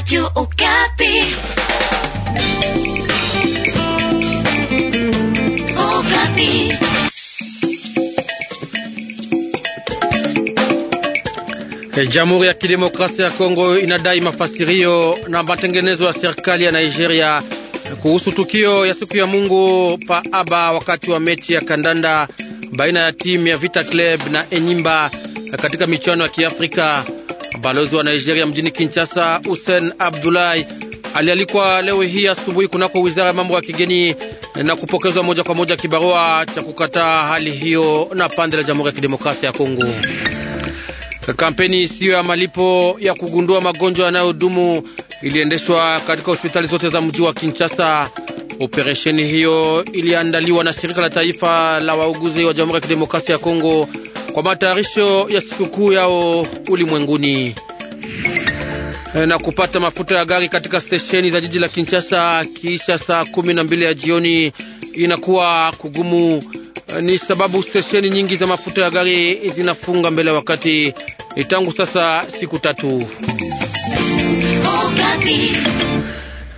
Radio Okapi. Okapi. Eh, Jamhuri ya Kidemokrasia ya Kongo inadai mafasirio na matengenezo ya serikali ya Nigeria kuhusu tukio ya siku ya Mungu aba wakati wa mechi ya kandanda baina ya timu ya Vita Club na Enyimba katika michuano ya Kiafrika. Balozi wa Nigeria mjini Kinshasa Hussein Abdullahi alialikwa leo hii asubuhi kunako wizara ya mambo ya kigeni na kupokezwa moja kwa moja kibarua cha kukataa hali hiyo na pande la Jamhuri ya Kidemokrasia ya Kongo. Kampeni isiyo ya malipo ya kugundua magonjwa yanayodumu iliendeshwa katika hospitali zote za mji wa Kinshasa. Operesheni hiyo iliandaliwa na shirika la taifa la wauguzi wa Jamhuri ya Kidemokrasia ya Kongo kwa matayarisho ya sikukuu yao ulimwenguni eh, na kupata mafuta ya gari katika stesheni za jiji la Kinshasa kiisha saa kumi na mbili ya jioni inakuwa kugumu. Eh, ni sababu stesheni nyingi za mafuta ya gari zinafunga mbele wakati eh, tangu sasa siku tatu.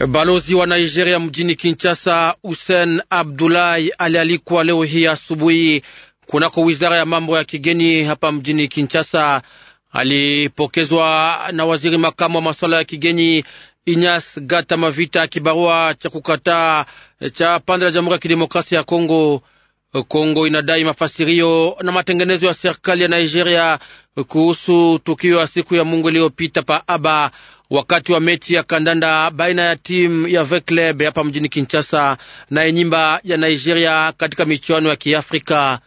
Balozi wa Nigeria mjini Kinshasa Hussein Abdullahi alialikwa leo hii asubuhi kunako wizara ya mambo ya kigeni hapa mjini Kinshasa. Alipokezwa na waziri makamu wa masuala ya kigeni Inyas Gata Mavita kibarua cha kukataa cha pande la Jamhuri ya Kidemokrasia ya Kongo. Kongo inadai mafasirio na matengenezo ya serikali ya Nigeria kuhusu tukio ya siku ya Mungu iliyopita pa aba wakati wa mechi ya kandanda baina ya timu ya Veclub hapa mjini Kinshasa na enyimba ya Nigeria katika michuano ya Kiafrika.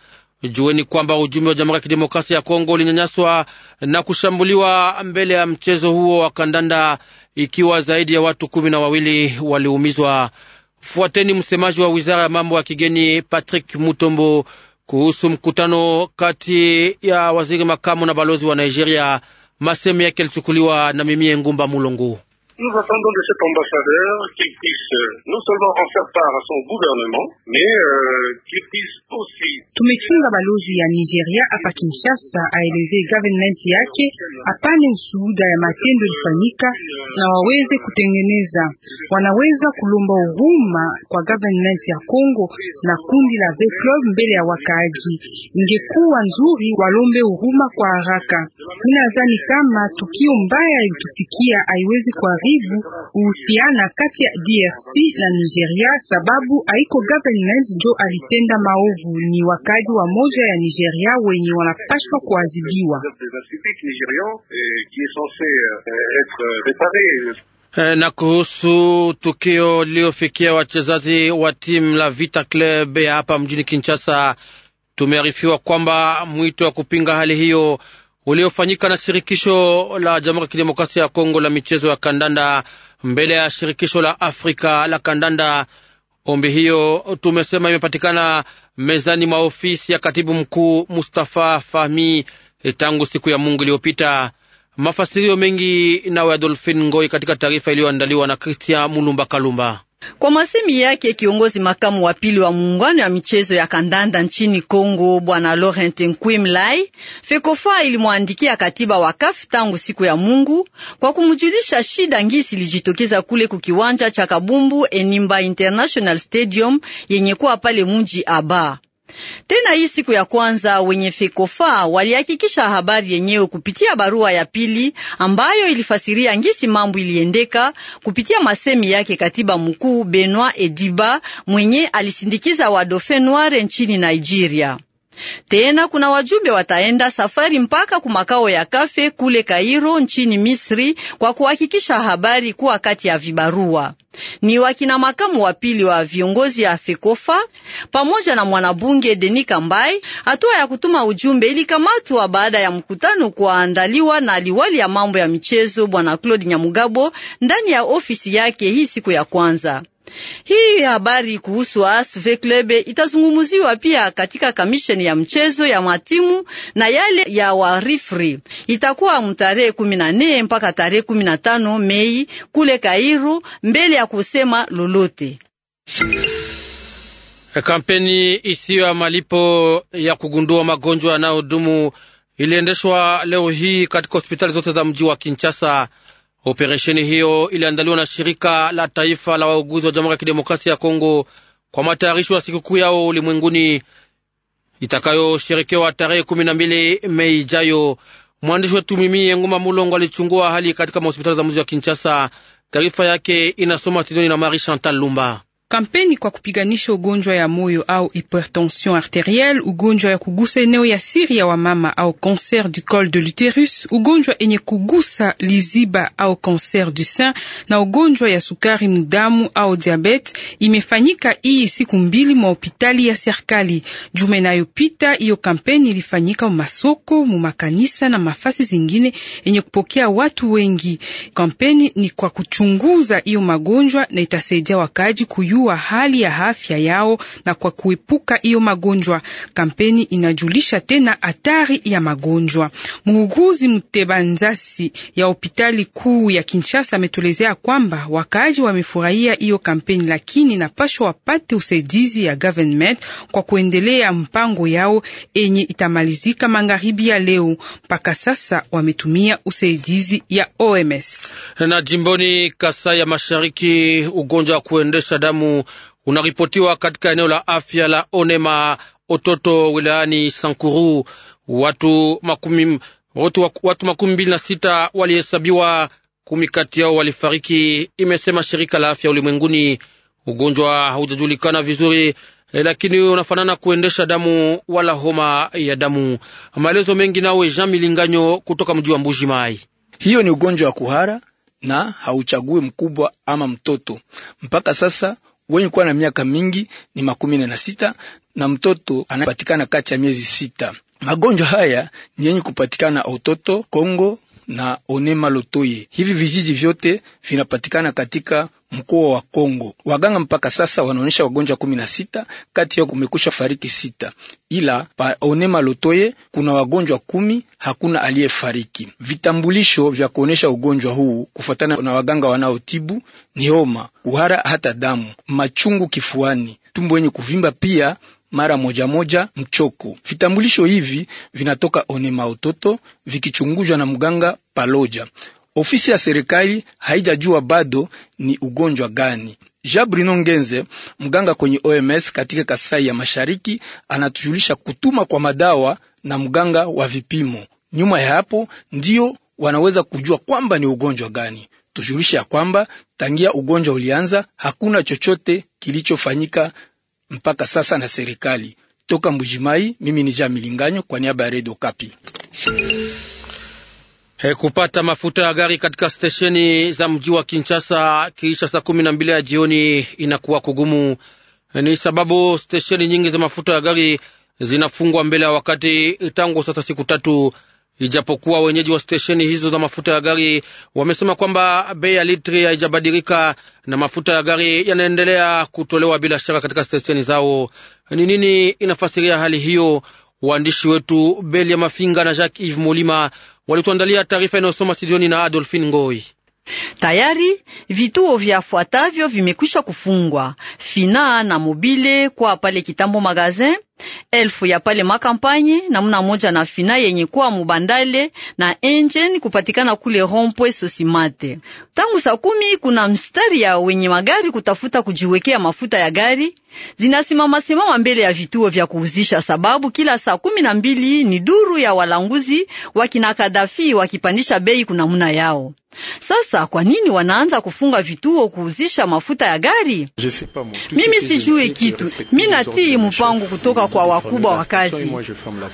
Jueni kwamba ujumbe wa Jamhuri ya Kidemokrasia ya Kongo ulinyanyaswa na kushambuliwa mbele ya mchezo huo wa kandanda, ikiwa zaidi ya watu kumi na wawili waliumizwa. Fuateni msemaji wa wizara ya mambo ya kigeni Patrick Mutombo kuhusu mkutano kati ya waziri makamu na balozi wa Nigeria. Maseme yake yalichukuliwa na Mimie Ngumba Mulongo. Nous attendons de cet ambassadeur qu'il puisse euh, non seulement en faire part à son gouvernement, mais euh, qu'il puisse aussi. Tumefunga balozi ya Nigeria hapa Kinshasa aelezee government yake apane ushuhuda ya matendo ilifanyika na waweze kutengeneza. Wanaweza kulomba uhuma kwa government ya Kongo na kundi la V-Club mbele ya wakaaji. Ingekuwa nzuri walombe uhuma kwa haraka. Ninadhani kama tukio mbaya ilitufikia haiwezi kuharibu uhusiana kati ya DRC na Nigeria, sababu haiko government ndio alitenda maovu, ni wakaji wa moja ya Nigeria wenye wanapashwa kuadhibiwa. Eh, na kuhusu tukio liliofikia wachezaji wa timu la Vita Club ya hapa mjini Kinshasa, tumearifiwa kwamba mwito wa kupinga hali hiyo uliofanyika na shirikisho la Jamhuri ya Kidemokrasia ya Kongo la michezo ya kandanda mbele ya shirikisho la Afrika la kandanda. Ombi hiyo tumesema imepatikana mezani mwa ofisi ya katibu mkuu Mustafa Fahmi tangu siku ya Mungu iliyopita. Mafasirio mengi nawe Adolfin Ngoi katika taarifa iliyoandaliwa na Kristian Mulumba Kalumba. Kwa masemi yake kiongozi makamu wa pili wa muungano ya michezo ya kandanda nchini Kongo, bwana Laurent Nkwimlai, Fekofa ilimwandikia katiba wa kafi tangu siku ya Mungu kwa kumjulisha shida ngisi ilijitokeza kule ku kiwanja cha Kabumbu Enimba International Stadium yenye kuwa pale muji Aba. Tena hii siku ya kwanza wenye fekofa walihakikisha habari yenyewe kupitia barua ya pili ambayo ilifasiria ngisi mambo iliendeka kupitia masemi yake katiba mkuu Benoit Ediba mwenye alisindikiza wa Dauphin Noir nchini Nigeria. Tena kuna wajumbe wataenda safari mpaka kumakao ya Kafe kule Kairo nchini Misri kwa kuhakikisha habari kuwa kati ya vibarua ni wakina makamu wa pili wa viongozi ya FEKOFA pamoja na mwanabunge Deni Kambai. Hatua ya kutuma ujumbe ilikamatwa baada ya mkutano kuandaliwa na liwali ya mambo ya michezo Bwana Claude Nyamugabo ndani ya ofisi yake hii siku ya kwanza. Hii habari kuhusu ASV Club itazungumuziwa pia katika kamisheni ya mchezo ya matimu na yale ya warifri. Itakuwa mtarehe 14 mpaka tarehe 15 Mei kule Kairo mbele ya kusema lolote. Kampeni isiyo ya malipo ya kugundua magonjwa yanayodumu iliendeshwa leo hii katika hospitali zote za mji wa Kinshasa. Operesheni hiyo iliandaliwa na shirika la taifa la wauguzi wa Jamhuri ya Kidemokrasia ya Kongo kwa matayarisho ya sikukuu yao ulimwenguni itakayosherekewa tarehe kumi na mbili Mei ijayo. Mwandishi wetu Mimi Nguma Mulongo alichungua hali katika mahospitali za mji wa Kinshasa. Taarifa yake inasoma Sidoni na mari Chantal Lumba. Kampeni kwa kupiganisha ugonjwa ya moyo au hipertension arterielle, ugonjwa ya kugusa eneo ya siri ya wamama au cancer du col de l'uterus, ugonjwa enye kugusa liziba au cancer du sein na ugonjwa ya sukari mdamu au diabete imefanyika hii siku mbili mwa hospitali ya serikali. Juma inayopita hiyo kampeni ilifanyika masoko, mumakanisa na mafasi zingine enye kupokea watu wengi. Kampeni ni kwa kuchunguza hiyo magonjwa na itasaidia wakaji kuyua kujua hali ya afya yao na kwa kuepuka hiyo magonjwa. Kampeni inajulisha tena hatari ya magonjwa. Muuguzi mtebanzasi ya hospitali kuu ya Kinshasa ametolezea kwamba wakaaji wamefurahia hiyo kampeni, lakini napashwa wapate usaidizi ya government kwa kuendelea mpango yao enye itamalizika magharibi ya leo. Mpaka sasa wametumia usaidizi ya OMS. Na jimboni Kasai ya Mashariki, ugonjwa wa kuendesha damu damu unaripotiwa katika eneo la afya la Onema Ototo wilayani Sankuru. Watu makumi watu, watu makumi mbili na sita walihesabiwa, kumi kati yao walifariki, imesema shirika la afya ulimwenguni. Ugonjwa haujajulikana vizuri, eh, lakini unafanana kuendesha damu wala homa ya damu. Maelezo mengi nawe Jean Milinganyo kutoka mji wa Mbuji Mai. Hiyo ni ugonjwa wa kuhara na hauchagui mkubwa ama mtoto. Mpaka sasa wenye kuwa na miaka mingi ni makumi na sita na mtoto anapatikana kati ya miezi sita. Magonjwa haya ni yenye kupatikana utoto Kongo na onema Lotoye. Hivi vijiji vyote vinapatikana katika mkoa wa Kongo. Waganga mpaka sasa wanaonyesha wagonjwa kumi na sita, kati yao kumekusha fariki sita, ila pa onema lotoye kuna wagonjwa kumi, hakuna aliyefariki. Vitambulisho vya kuonyesha ugonjwa huu kufuatana na waganga wanaotibu ni homa, kuhara hata damu, machungu kifuani, tumbo yenye kuvimba, pia mara moja moja mchoko. Vitambulisho hivi vinatoka onema utoto vikichunguzwa na mganga paloja. Ofisi ya serikali haijajua bado ni ugonjwa gani. Jean Bruno Ngenze, mganga kwenye OMS katika Kasai ya Mashariki, anatujulisha kutuma kwa madawa na mganga wa vipimo. Nyuma ya hapo ndio wanaweza kujua kwamba ni ugonjwa gani. Tujulishe ya kwamba tangia ugonjwa ulianza hakuna chochote kilichofanyika mpaka sasa na serikali. Toka Mbujimai, mimi ni Jean Milinganyo kwa niaba ya Redio Kapi. He, eh, kupata mafuta ya gari katika stesheni za mji wa Kinshasa kisha saa kumi na mbili ya jioni inakuwa kugumu. Eh, ni sababu stesheni nyingi za mafuta ya gari zinafungwa mbele ya wakati tangu sasa siku tatu, ijapokuwa wenyeji wa stesheni hizo za mafuta ya gari wamesema kwamba bei ya litri haijabadilika na mafuta ya gari yanaendelea kutolewa bila shaka katika stesheni zao. Ni nini inafasiria hali hiyo? Waandishi wetu Belia Mafinga na Jacques Yves Mulima walituandalia taarifa inayosoma studioni na Adolfine Ngoi. Tayari vituo vyafuatavyo vimekwisha kufungwa: Fina na Mobile kwa pale Kitambo Magazin, elfu ya pale makampanye namuna moja na fina yenye kuwa mubandale na engine kupatikana kule rompwe sosimate. Tangu saa kumi kuna mstari ya wenye magari kutafuta kujiwekea mafuta ya gari, zinasimama simama mbele ya vituo vya kuuzisha, sababu kila saa kumi na mbili ni duru ya walanguzi wakina Kadafi wakipandisha bei kunamuna yao. Sasa kwa nini wanaanza kufunga vituo kuuzisha mafuta ya gari? Mimi sijue kitu, mi natii mpango kutoka kwa wakubwa wa kazi,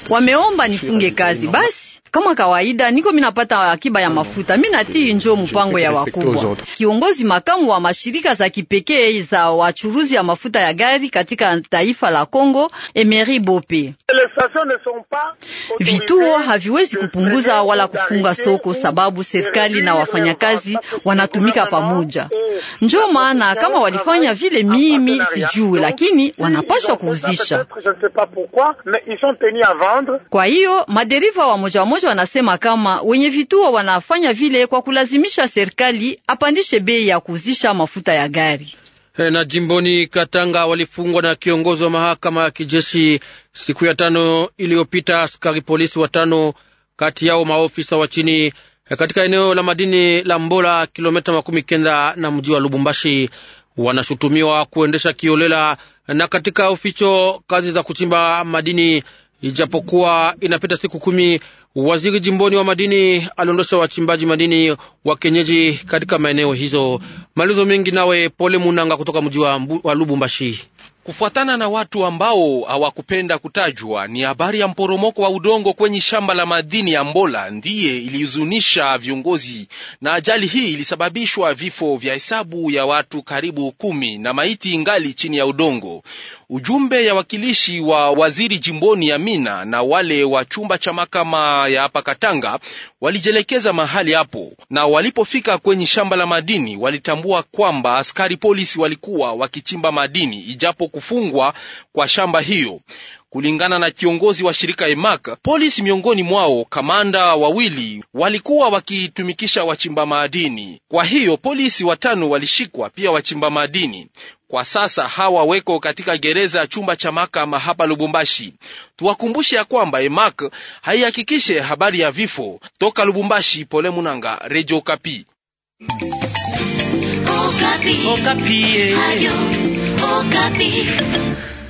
wameomba nifunge kazi basi kama kawaida niko minapata akiba ya mafuta minatii njo mpango ya wakubwa. Kiongozi makamu wa mashirika za kipekee za wachuruzi ya mafuta ya gari katika taifa la congo Emery Bope: vituo haviwezi kupunguza wala kufunga soko sababu serikali na wafanyakazi wanatumika pamoja. Njoo maana kama walifanya vile, mimi sijui, lakini wanapashwa kuuzisha. Kwa hiyo madereva wamoja wamoja wanasema kama wenye vituo wanafanya vile kwa kulazimisha serikali apandishe bei ya kuuzisha mafuta ya gari. Eh, na jimboni Katanga walifungwa na kiongozi wa mahakama ya kijeshi siku ya tano iliyopita askari polisi watano, kati yao maofisa wa chini katika eneo la madini la Mbola, kilomita makumi kenda na mji wa Lubumbashi. Wanashutumiwa kuendesha kiolela na katika uficho kazi za kuchimba madini, ijapokuwa inapita siku kumi. Waziri jimboni wa madini aliondosha wachimbaji madini wa kenyeji katika maeneo hizo. Malizo mengi nawe Pole Munanga kutoka mji wa Lubumbashi. Kufuatana na watu ambao hawakupenda kutajwa, ni habari ya mporomoko wa udongo kwenye shamba la madini ya Mbola ndiye ilihuzunisha viongozi, na ajali hii ilisababishwa vifo vya hesabu ya watu karibu kumi na maiti ingali chini ya udongo. Ujumbe ya wakilishi wa waziri jimboni ya mina na wale wa chumba cha mahakama ya hapa Katanga walijielekeza mahali hapo, na walipofika kwenye shamba la madini walitambua kwamba askari polisi walikuwa wakichimba madini, ijapo kufungwa kwa shamba hiyo. Kulingana na kiongozi wa shirika emac polisi miongoni mwao kamanda wawili walikuwa wakitumikisha wachimba madini. Kwa hiyo polisi watano walishikwa, pia wachimba madini. Kwa sasa hawa weko katika gereza ya chumba cha mahakama hapa Lubumbashi. Tuwakumbushe ya kwamba Emak haihakikishe habari ya vifo. Toka Lubumbashi, Pole Munanga, Radio Okapi. Okapi. Okapi. Eh.